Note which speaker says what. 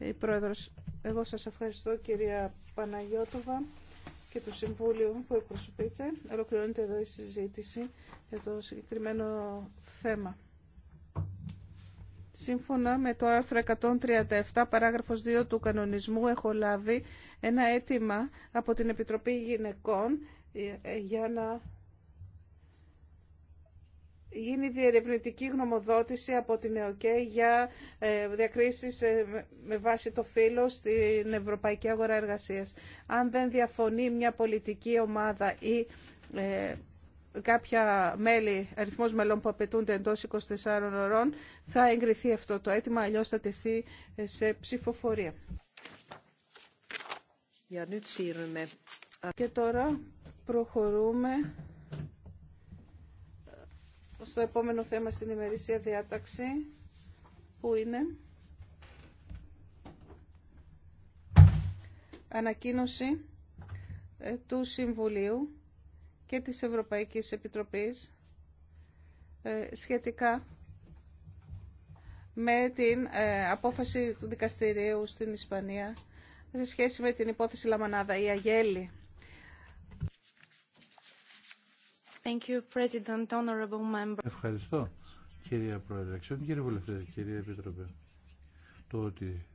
Speaker 1: Ε, πρόεδρος, εγώ σας ευχαριστώ κυρία Παναγιώτοβα και του Συμβούλιο που εκπροσωπείτε. Ολοκληρώνεται εδώ η συζήτηση για το συγκεκριμένο θέμα. Σύμφωνα με το άρθρο 137 παράγραφος 2 του κανονισμού έχω λάβει ένα αίτημα από την Επιτροπή Γυναικών ε, για να γίνει διερευνητική γνωμοδότηση από την ΕΟΚΕ για ε, διακρίσεις ε, με βάση το φύλλο στην Ευρωπαϊκή Αγορά Εργασίας. Αν δεν διαφωνεί μια πολιτική ομάδα ή ε, κάποια μέλη, αριθμός μελών που απαιτούνται εντός 24 ωρών, θα εγκριθεί αυτό το αίτημα, αλλιώς θα τεθεί σε ψηφοφορία. Και τώρα προχωρούμε στο επόμενο θέμα στην ημερήσια διάταξη που είναι ανακοίνωση ε, του Συμβουλίου και της Ευρωπαϊκής Επιτροπής ε, σχετικά με την ε, απόφαση του δικαστηρίου στην Ισπανία σε σχέση με την υπόθεση Λαμανάδα ή Αγέλη. Thank you, President, honorable member. Ευχαριστώ, κυρία Πρόεδρε. Αξιότιμη κύριε Βουλευτέ, κύριε Επίτροπε. Το ότι